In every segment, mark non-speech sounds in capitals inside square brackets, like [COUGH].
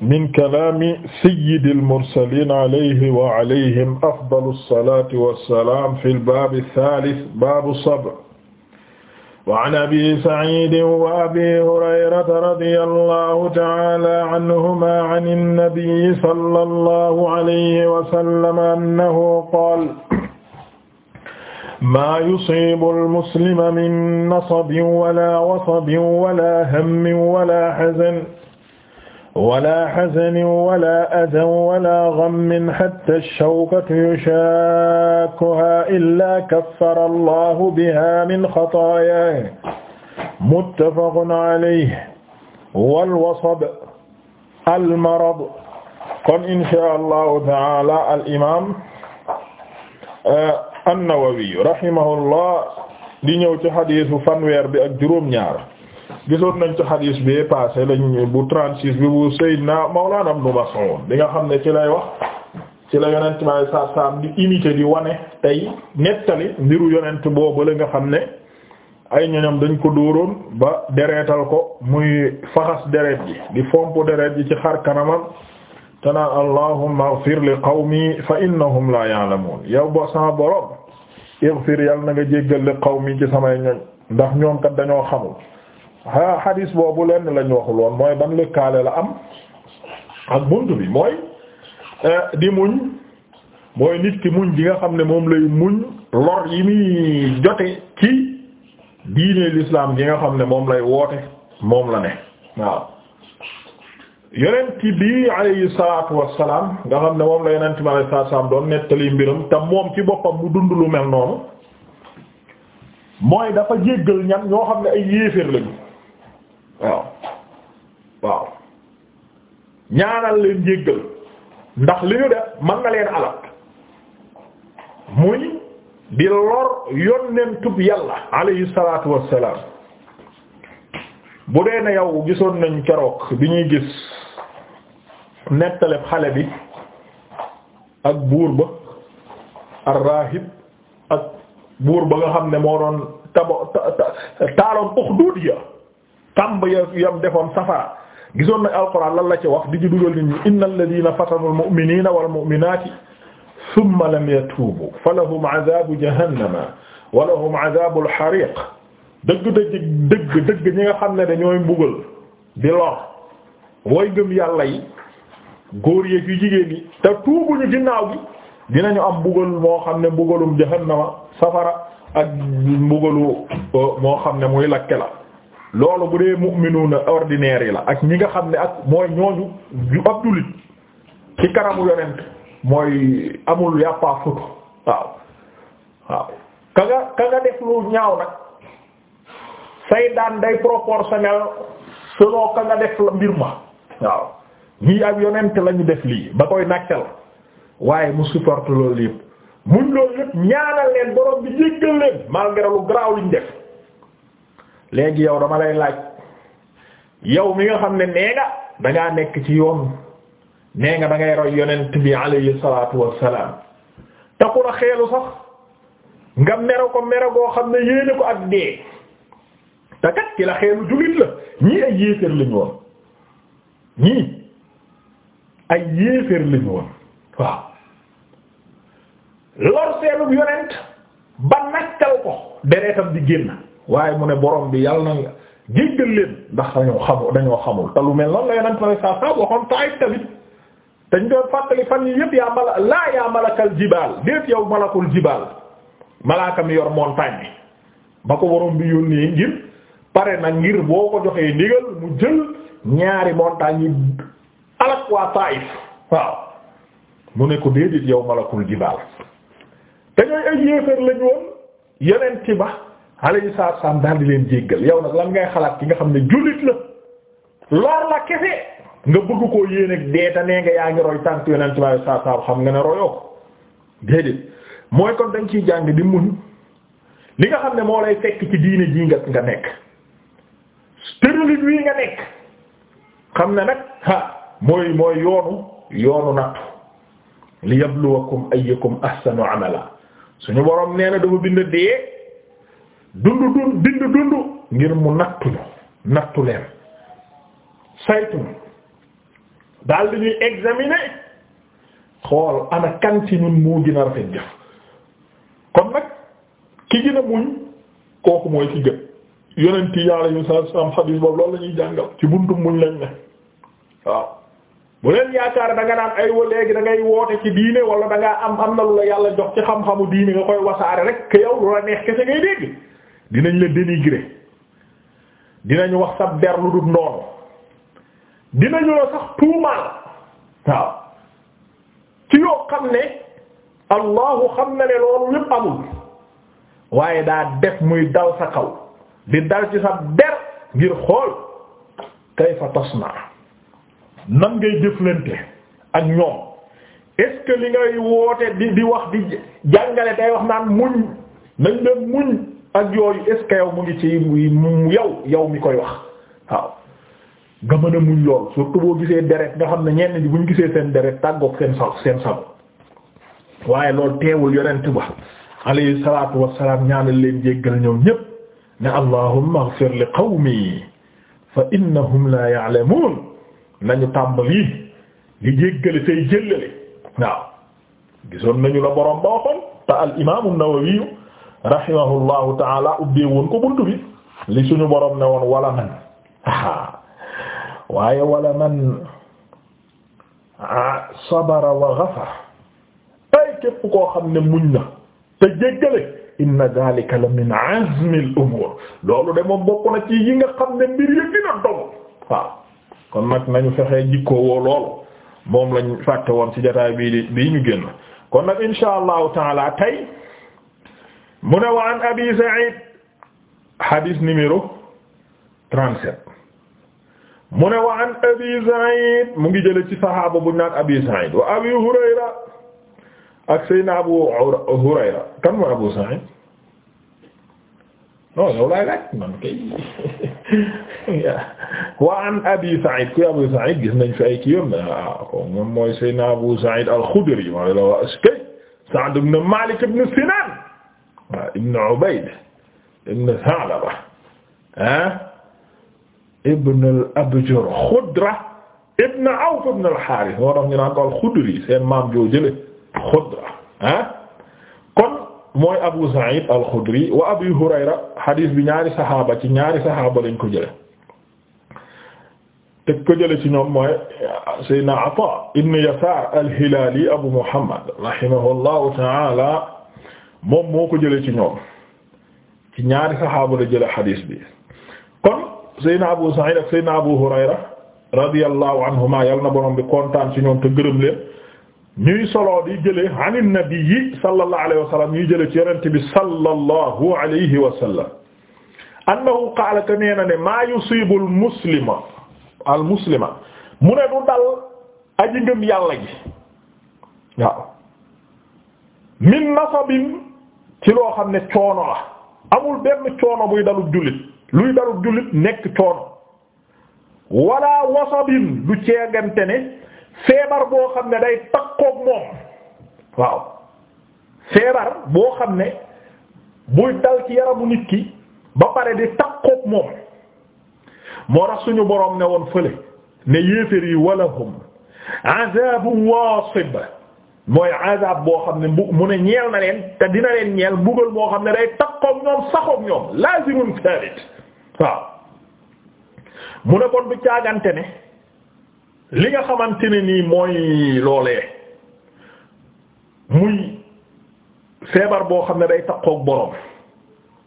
min kalaami sayyidil mursaliin alayhi wa alayhim afdalu salaati wa salaam fil baabi saalis baabu sabr. wa an abii sa'iidin wa abii hurayrata radiyallaahu ta'aalaa anhumaa ani nabiyyi sallallaahu alayhi wa sallam annahu qaala maa yusiibul muslima min nasabin wala wasabin wala hammin wala hazanin wala hazanin wala adan wala ghammin hatta ash-shawkatu yushaakuha illa kaffara Allahu biha min khataayaah muttafaqun alayhi wal wasab al marad kon inshaa Allahu ta'aala al imaam euh, an-Nawawi rahimahullah di ñëw ci hadiisu fanweer bi ak juróom-ñaar gisoon nañ ci hadis bi passé lañ bu 36 bi bu Seydina Mawlana Ibn Mas'ud bi nga xam ne ci lay wax ci la yonent ma sa saam di imité di wane tey nettali mbiru yonent boobu la nga xam ne ay ñoñam dañ ko dóoroon ba dereetal ko muy faxas deret ji di fomp deret ji ci xar kanamam te naan allahumma ighfir li qawmi fa innahum la ya'lamun yow bo sama borom ighfir yal na nga jéggal li qawmi ci samay ñoñ ndax ñoom kat dañoo xamul hadis boobu lenn lañ waxuloon mooy ban lëkkaale la am ak bunt bi mooy eh, di muñ mooy nit ki muñ gi nga xam ne moom lay muñ lor yi muy jote ci diine l'islam gi nga xam ne moom lay woote moom la ne waaw yonent bi alayhi salaatu wassalaam nga xam ne moom la yonent bi alayhi salaatu wassalaam doon nettali mbiram te moom ci boppam mu dund lu mel noonu mooy dafa jéggal ñan ñoo xam ne ay yéeféer lañu waaw waaw ñaanal leen jéggal ndax li ñu def mën nga leen alal muy di lor yonentub yàlla alayhi salaatu wassalaam bu dee ne yow gisoon nañ keroog bi ñuy gis nettaleb xale bi ak buur ba ar-raahib ak buur ba nga xam ne moo doon tabo taaloon Uxduud ya kàmb yam defoon safara gisoon na alquran lan la ci wax di ci dugal nit ñi innal ladina fatanu almu'minina wal mu'minati thumma lam yatubu falahum adhabu jahannama wa wala adhabu alhariq dëgg dëgg dëgg dëgg ñi nga xam ne dañooy mbugal di lor way gëm yàlla yi góor yeeg yu jigéen yi te tuubuñu ginnaaw gi dinañu am mbugal moo xam ne mbugalum jahannama safara ak mbugalu euh, moo xam ne muy lakke la loolu bu dee mu'minuuna ordinaire yi la ak ñi nga xam ne ak mooy ñooñu yu ab ci kanamu yonent mooy amul yàppaa fut waaw waaw ka nga ka nga def lu ñaaw nag say daan day proportionnel selon ka nga def la mbir ma waaw ñii ab yonent lañu def lii ba koy nàccal waaye mu supporte loolu yëpp muñ loolu yëpp ñaanal leen borom bi jéggal leen malgré lu def léegi yow dama lay laaj yow mi nga xam ne nee nga da nekk ci yoon nee nga da ngay roy yonent bi alayhi salaatu wassalaam te ku la xeelu sax nga mere ko mere goo xam ne yéene ko ak dee te kat la xeelu jullit la ñii ay yéeféer lañu woon ñii ay yéeféer lañu woon waaw lor yonent ba nattal ko deretam di génn waaye mu ne borom bi yàlla na jéggal leen ndax dañoo xamul dañoo xamul la yeneen pare saa saa waxoon taay tamit dañ doon fàttali fan yi yëpp yaa mala laa yaa malakal jibaal déet yow malakul jibaal malaaka yor montagne bi ba ko borom bi yónnee ngir pare na ngir boo ko joxee ndigal mu jël ñaari montagne yi alak waa Taif waaw mu ne ko déedéet yow malakul jibaal te ñooy ay yéefar lañu woon yeneen ci ba alayhi salaam daal di leen jéggal yow nag lan ngay xalaat ki nga xam ne jullit la loor la kese nga bëgg koo yéene deeta nee nga yaa ngi roy tànk yonent bi alayhi salaam xam nga ne royoo ko déedéet mooy kon dañ ciy jàng di mun li nga xam ne moo lay fekk ci diine jii nga nga nekk tërëlin wii nga nekk xam ne nag ha mooy mooy yoonu yoonu nattu li yabluwakum ayyukum ahsanu amala suñu borom nee na dafa bind dee. dundu dundu dindu dundu ngir mu nattuñu nattu leen saytuñu daal di ñuy examiner xool ana kan ci ñun moo gën a rafet jëf kon nag ki gën a muñ kooku mooy ki gën yonent yi alayhi salaam xadiis boobu loolu la ñuy jàngal ci buntu muñ lañ ne waaw bu leen yaakaar da nga naan ay wa léegi da ngay woote ci diine wala da am am na lu la yàlla jox ci xam-xamu diine nga koy wasaare rek ke yow lu la neex kese ngay dégg dinañ la dénigrer dinañu wax sa der lu dul noonu dinañu la sax tuumaal waaw ci yoo xam ne allahu xam na ne loolu lépp amul waaye daa def muy dal sa kaw di dal ci sa der ngir xool kayfa tasna nan ngay jëflante ak ñoom est li ngay woote di di wax di jàngale tey wax naan muñ nañ leen muñ ak yooyu est yow mu ngi ci mu yow yow mi koy wax waaw nga mën a muñ lool surtout boo gisee deret nga xam ne ñenn ñi bu ñu gisee seen deret tàggoog seen sa seen sago waaye lool teewul yonent ba alayhi salaatu wassalaam ñaanal leen jéggal ñoom ñépp ne allahumma ighfir li qawmi fa innahum la ya'lamun nañu tàmbali li jéggale tey jëllale waaw gisoon nañu la borom ba waxoon te al imaamu Nawawi rahimahullahu taala ubbee woon ko buntu bi li suñu borom ne woon wala man waaye wala man sabara wa ghafara ay képp koo xam ne muñ na te jéggale inna dhalika la min azmi al loolu de moom bokk na ci yi nga xam ne mbir dina dogu kon nag nañu fexee jikkoo woo loolu moom lañu fàtte woon ci jotaay bii bii ñu génn kon nag insha allahu taala tey mu ne wa an abi Sa'id hadith numéro 37 mu ne wa an abi Sa'id mu ngi jële ci sahaaba bu naan abi Sa'id wa abi Hurayra ak Seydina Abu Hurayra kan mooy Abu Sa'id non yow laay laaj man kay [LAUGHS] wa an abi Sa'id ku Abu Sa'id gis nañ fi ay ki yoon ah ko moom mooy Seydina Abu Sa'id al-Khudri ma la wax kay Sa'd ibn Malik ibn Sinan waaw ibn Ubayd ibn Sa'laba ah ibn al-Abjar Xudra ibn Awf ibn al-Haaris moo tax ñu naan ko al-Xudri seen maam joo jële Xudra ah kon mooy Abu Sa'id al-Xudri wa Abi Hurayra hadith bi ñaari saxaaba ci ñaari saxaaba lañ ko jële te ko jële ci ñoom mooy Seydina Ata ibn Yasaar al-Hilaali Abu Muhammad rahimahullahu ta'ala moom moo ko jëlee ci ñoom ci ñaari saxaaba la jëlee xadiis bi kon Seydina Abu Sa'id ak Seydina Abu Hurayra radiyallahu anhuma yal na borom bi kontaan ci ñoom te gërëm ñuy solo di jëlee ani nabii sallallahu alayhi wa sallam ñuy jëlee ci yonent bi sallallahu alayhi wa sallam annahu qaala te nee na ne maa yusibu al muslima al muslima mu du dal aji ngëm yàlla min nasabin ci loo xam ne coono la amul benn coono buy dalub jullit luy dalub jullit nekk coono walla wasabin du ceegante ne feebar boo xam ne day takkook moom waaw feebar boo xam ne buy dal ci yaramu nit ki ba pare di takkook moom moo tax suñu boroom ne woon fële ne yéeféer yi walahum azabun wasib mooy azab boo xam ne mu ne ñeel na leen te dina leen ñeel mbugal moo xam ne day takkook ñoom saxook ñoom lazimun sabit waaw mu ne kon du caagante ne li nga xamante ne nii mooy loolee muy feebar boo xam ne day takkook boroom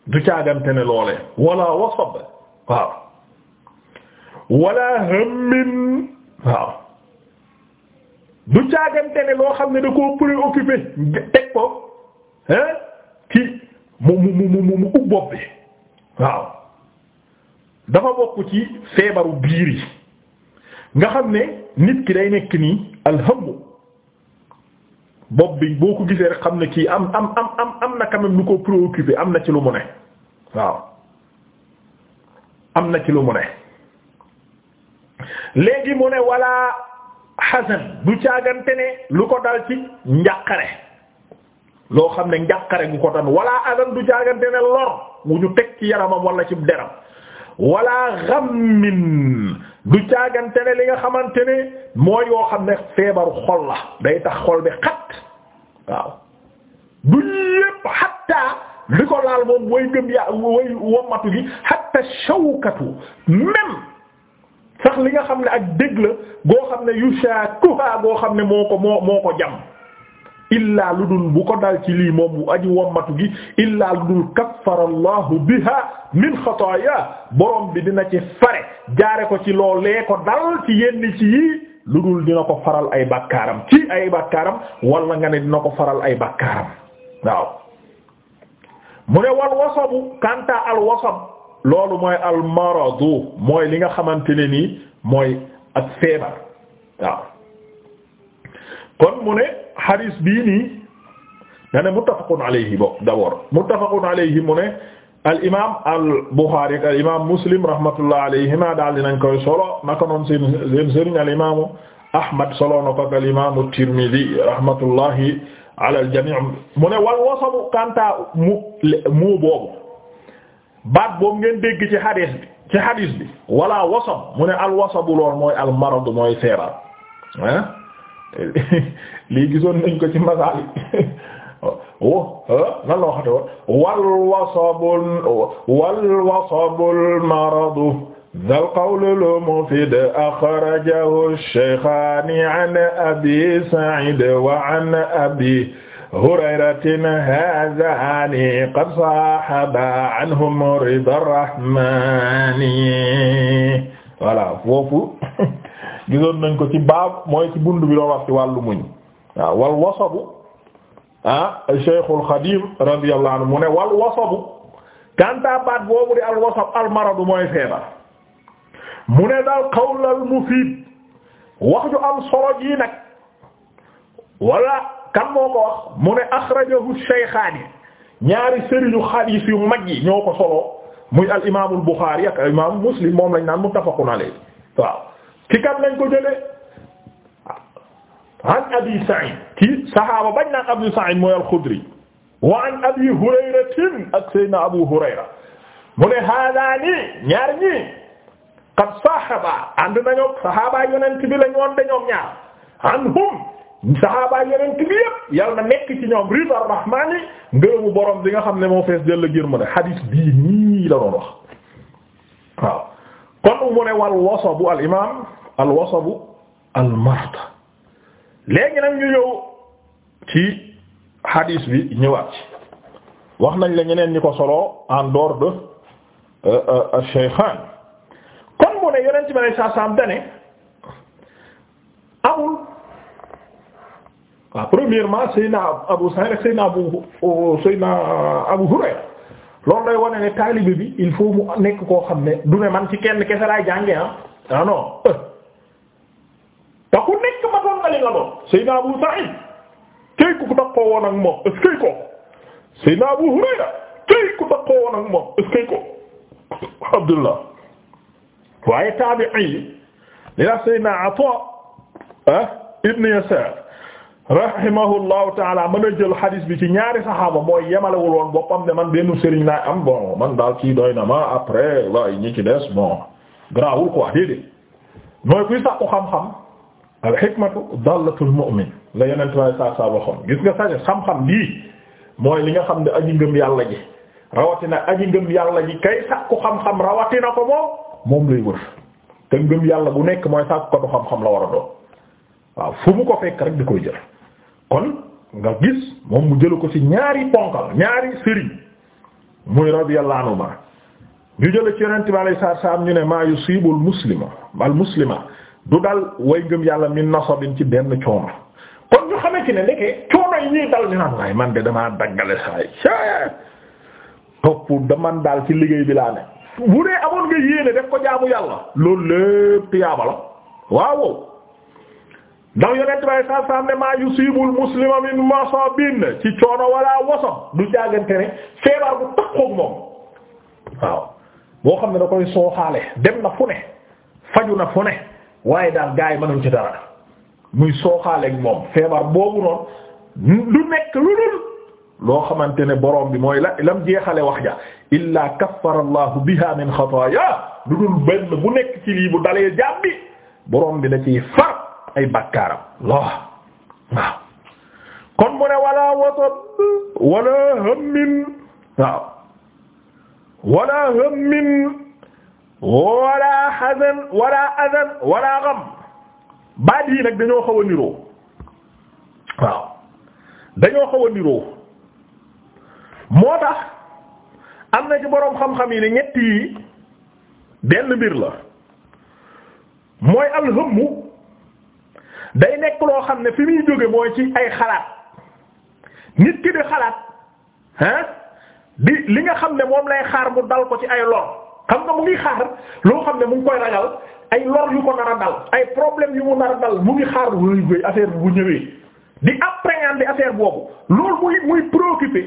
du caagante ne loolee wala wasab waaw wala hammin waaw du caagante ne loo xam ne da koo préoccupé teg ko hein ki mu mu mu mu mu ub bopp bi waaw dafa bokk ci feebaru biir yi nga xam ne nit ki day nekk nii alhamdu bopp bi boo ko gisee rek xam ne kii am am am am am na quand même lu ko am na ci lu mu ne waaw am na ci lu mu ne léegi mu ne walla xasan du caagante ne lu ko dal ci njàqare loo xam ne njaqare gu ko dal wala adan du caagante ne lor wu ñu teg ci yaramam wala ci deram wala ghammin du caagante ne li nga xamante ne mooy yoo xam ne feebaru xol la day tax xol bi xat waaw du yépp xatta li ko laal moom way gëm ya way wommatu gi xatta shawkatu même sax li nga xam ne ak dégg la goo xam ne yushakuha goo xam ne moo ko moo moo ko jam illaa lu dul bu ko dal ci lii moom bu aji wommatu gi illaa lu dul kaffara allahu biha min xataaya borom bi dina ci fare jaare ko ci loolee ko dal ci yenn ci yii lu dul dina ko faral ay bakkaaram ci ay bakkaaram wala nga ne dina ko faral ay bakkaaram waaw mu ne wal wasabu kanta al wasab loolu mooy almaradu mooy li nga xamante ne nii mooy ak feebar waaw kon mu ne xadis bii nii da ne muttafaqun alayhi bo d'abord muttafaqun alayhi mu ne al imaam al Buxaari ak al imaam Muslim rahmatullah alayhima daal dinañ koy solo naka noonu seen seen sëriñ al imaamu Ahmad solo na ko ak al imaamu Tirmidi rahmatullahi ala al jamii mu ne wal wasabu kanta mu mu boobu. baat boobu ngeen dégg ci hadis bi ci hadis bi wala wasab mu ne al wasabu lool mooy al maradu mooy feebar ah [LAUGHS] lii gisoon nañ ko ci masaali wo [LAUGHS] oh, nan oh, la waxate woon wal wasabul wal wasabul maradu dhal qawlul mufid akhrajahu ash-shaykhani an abi sa'id wa an abi hurayratin haadaani qad saahaba anhum rida rahmani voilà foofu [LAUGHS] gisoon nañ ko ci baab mooy ci bund bi doon wax ci wàllu muñ waaw wal wasabu ah Cheikhul Xadim radiyallahu anhu mu ne wal wasabu kanta baat boobu di al wasab al maradu mooy feebar mu ne daal qawlal mufiid wax ju am solo ji nag wala kan moo ko wax mu ne axrajahu shaykhaani ñaari sëriñu xadiis yu mag yi ñoo ko solo muy al imaamul Buxaari ak al imaamul Muslim moom lañ naan muttafaqun alayhi waaw ci kan lañ an Abi Sa'id mooy al-Xudri wa Abi Hurayratin ak Seydina Abu Hurayra mu ne haadaani ñaar ñi qad saahaba ànd nañu saxaaba yonent bi lañ woon dañoo ñaar anhum saxaabaay yeneen bi yëpp yal nekk ci ñoom ridar rahmaani ngërëmu borom bi nga xam ne moo fees dell gër ma ne xadiis bii nii la doon wax waaw kon mu ne wal wasabu al imaam al al marta léegi nag ñu ñëw ci xadiis bi ñëwaat ci wax nañ la ñeneen ñi ko solo en dehors de Shaykhan euh, euh, kon mu ne yeneen ci ma ne saa saam dane amul waaw premièrement Seydina Abu Sa'id ak oh, Seydina Abu Hurayra loolu day wane ne taalibe bi il nekk koo xam ne du ne man ci kenn kese laay jànge ah ah non eh. nekk ma doon nga Abu Sa'id këy ku takkoo woon ak moom est-ce Abu Hurayra këy ku takkoo woon ak moom Abdullah waaye taabi'i yi li la Seydina Ata ah, Ibn Yasar rahimahullahu taala mën a jël hadis bi ci ñaari saxaaba mooy yemalewul woon boppam ne man benn sëriñ naa am bon man daal kii doy na ma après waaye ñi ci des bon grawul quoi déedéet mooy kuy sàkku xam-xam al hikmatu dallatul mu'min la yeneen tubaab saa saa waxoon gis nga sax xam-xam lii mooy li nga xam ne aji ngëm yàlla ji rawatina aji ngëm yàlla ji kay sàkku xam-xam rawatina ko moom moom lay wër te ngëm yàlla bu nekk mooy sàkku ko du xam-xam la war a doon waaw ko fekk rek di koy jël. kon nga gis moom mu jël ko ci ñaari ponkal ñaari sëriñ muy radiyallahu anhu ñu jël ci yonent bi alayhi salaam ñu ne maa yusibul muslima al muslima du dal way ngëm yàlla min nasabin ci benn coono kon ñu xamee ci ne ndeke coono yi ñuy dal ñu naan waaye man de damaa daggale saay topp daman daal ci liggéey bi laa ne bu dee amoon nga yéene def ko jaamu yàlla loolu lépp yaaba la waaw ndax yonent bay saa saa ne maa yusibul muslima min masabin ci coono wala wasab du jàggante ne feebar bu takkook moom waaw boo xam ne da koy sooxaale dem na fu ne faju na fu ne waaye daal gaa yi mënuñ ci dara muy sooxaaleek moom feebar boobu noonu du nekk lu dul loo xamante ne borom bi mooy la lam jeexale wax ja illaa kaffara allahu biha min xataaya du dul benn bu nekk ci lii bu dalee jàpp bi borom bi da ciy far ay bakkaaram waaw waaw kon mu ne wala wasat wala hammin waaw wala hammin wala hazan wala adan wala gham baat yi nag dañoo xawa niroo waaw dañoo xaw niroo moo tax am na ci boroom xam-xam yi ne ñett yi benn mbir la mooy alhammu day nekk loo xam ne fi muy jóge mooy ci ay xalaat nit ki xalaat ah di li nga xam ne moom lay xaar mu dal ko ci ay lor xam nga mu ngi xaar loo xam ne mu ngi koy ragal ay lor yu ko nar a dal ay problème yu mu nar a dal mu ngi xaar wéy wéy affaire bu ñëwee di appréhender affaire boobu loolu muy muy préoccupé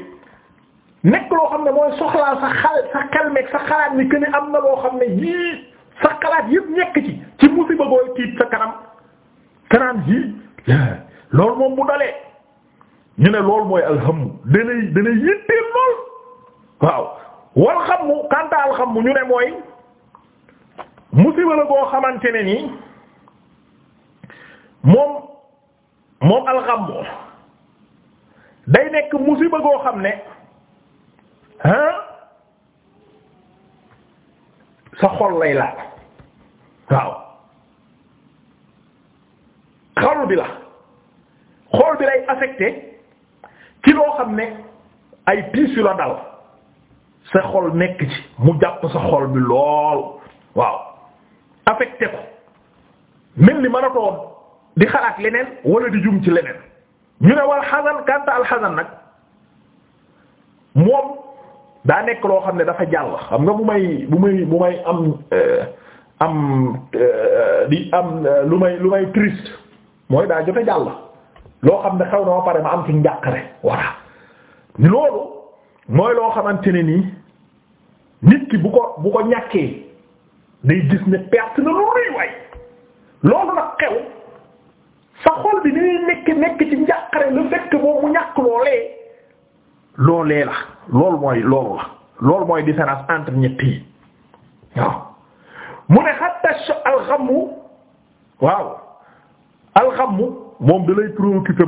nekk loo xam ne mooy soxlaal sa xal sa xelmeeg sa xalaat ni que ne am na loo xam ne yii sa xalaat yëpp nekk ci ci musiba booy tiit sa kanaan ji loolu moom bu dalee ñu ne loolu mooy alxamu danay danay yitteel lool waaw wal xam kanta alxam ñu ne mooy musiba la boo xamante ne nii moom moom alxam day nekk musiba goo xam ne ah sa xol lay laal waaw xaru bi la xool bi lay affecté ci loo xam ne ay tiis yu la dal sa xol nekk ci mu jàpp sa xol bi lool waaw affecté ko mel ni mënatoo di xalaat leneen wala di jum ci leneen ñu ne wal xasan kanta al xasan nag moom daa nekk loo xam ne dafa jàll xam nga bu may bu may bu may am euh, euh, di am euh, lu may lu may triste mooy daa jot a jàll loo xam ne xew na pare ma am ci njàqare voilà loolu mooy loo xamante ne nii nit ki bu ko bu ko ñàkkee day gis ne perte na lu rëy loolu nag xew sa xol bi dañuy nekk nekk ci njàqare lu fekk moom mu ñàkk loolee loolee la loolu mooy loolu la loolu mooy différence entre ñett waaw mu ne hatta al-ghamu waaw alxamu moom da lay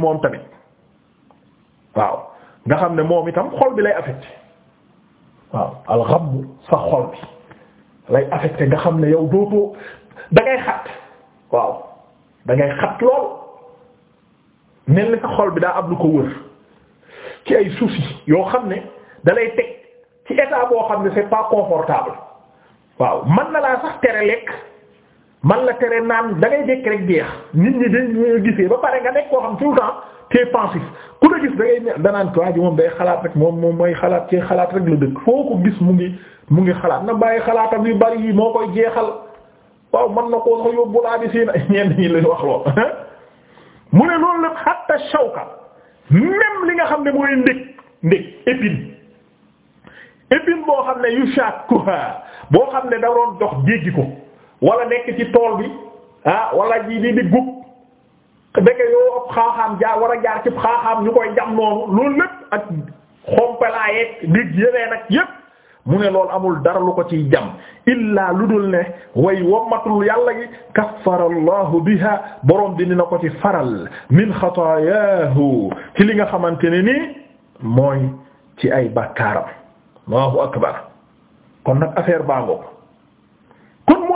moom tamit waaw nga xam ne moom itam xol bi lay affecté waaw alxamu sa xol bi lay affecté nga xam ne yow dootoo da ngay xat waaw da ngay xat lool mel ni xol bi daa am lu ko wër ci ay soucis yoo xam ne dalay lay teg ci état boo xam ne c'est pas confortable waaw mën na laa sax tere lekk. man la tere naan dangay ngay dekk rek jeex nit ñi dañ gisee ba pare nga nekk koo xam tout le temps t'es pensif ku la gis da ngay danaan ko waa ji moom day xalaat rek moom moom mooy xalaat ci xalaat rek la dëkk foo ko gis mu ngi mu ngi xalaat na bàyyi xalaatam yu bari yi moo koy jeexal waaw mën na koo sax yóbbu laa bi seen [LAUGHS] ñenn ñi lañu wax lool [LAUGHS] mu ne loolu la hatta shawka même li nga xam ne mooy ndég ndég épine épine boo xam ne yu shakuha boo xam ne da doon dox jéggi ko wala nekk ci tool bi ah wala ji di di gub ndeke yoo ëpp xaaxaam jaar war a jaar ci xaaxaam ñu koy jam noonu loolu lépp ak xompalaayeeg dig yeneen ak yépp mu ne loolu amul dara lu ko ci jam illaa lu dul ne way wommatul yàlla gi kaffara allahu biha borom bi na ko ci faral min xataayaahu ci li nga xamante ne nii mooy ci ay bakkaaram allahu akbar kon nag affaire baa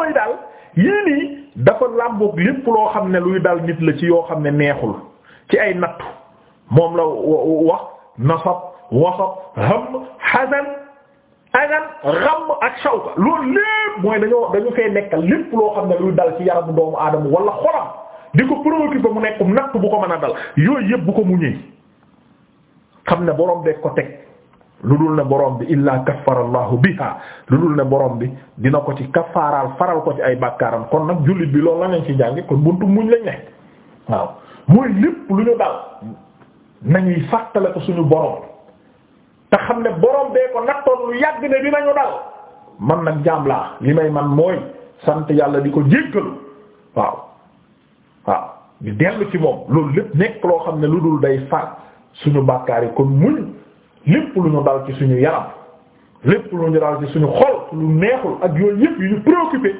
mooy daal yii nii dafa làmboog lépp loo xam ne luy dal nit la ci yoo xam ne neexul ci ay nattu moom la wax nasab wasab ham hazan agan ram ak shawka loolu lépp mooy dañoo dañu fee nekkal lépp loo xam ne luy dal ci yaramu doomu aadama wala xolam di ko préoccupé mu nekkum natt bu ko mën a dal yooyu yépp bu ko muñee xam ne boroom de ko teg lu dul ne borom bi illaa kaffarallahu biha lu dul ne borom bi dina ko ci kafaaraal faral ko ci ay bakkaaram kon nag jullit bi loolu la nañ ci jànge kon buntu muñ lañ ne waaw mooy lépp lu ñu dal nañuy fàttale ko suñu borom te xam ne borom bee ko nattoon lu yàgg ne dinañu dal man nag jaam laa li may man mooy sant yàlla di ko jéggalu waaw waaw di dellu ci moom loolu lépp nekk loo xam ne lu dul day far suñu bàkkaar yi kon muñ lépp lu ñu dal ci suñu yaram lépp lu ñu dal ci suñu xol lu neexul ak yooyu yëpp yu ñu préoccupé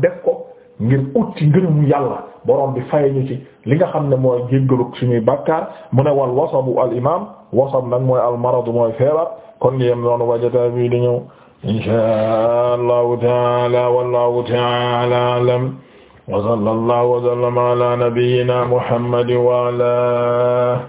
def ko ngir ut ci ngërëmu yàlla borom bi fay ñu ci li nga xam ne mooy jéggaluk suñuy bàkkaar mu ne wal wasabu al imam nag mooy al maradu mooy feebar kon yem noonu wajata bi di ñëw insha allahu taala wallahu taala alam wa sallallahu wa sallama ala nabiyyina muhammad wa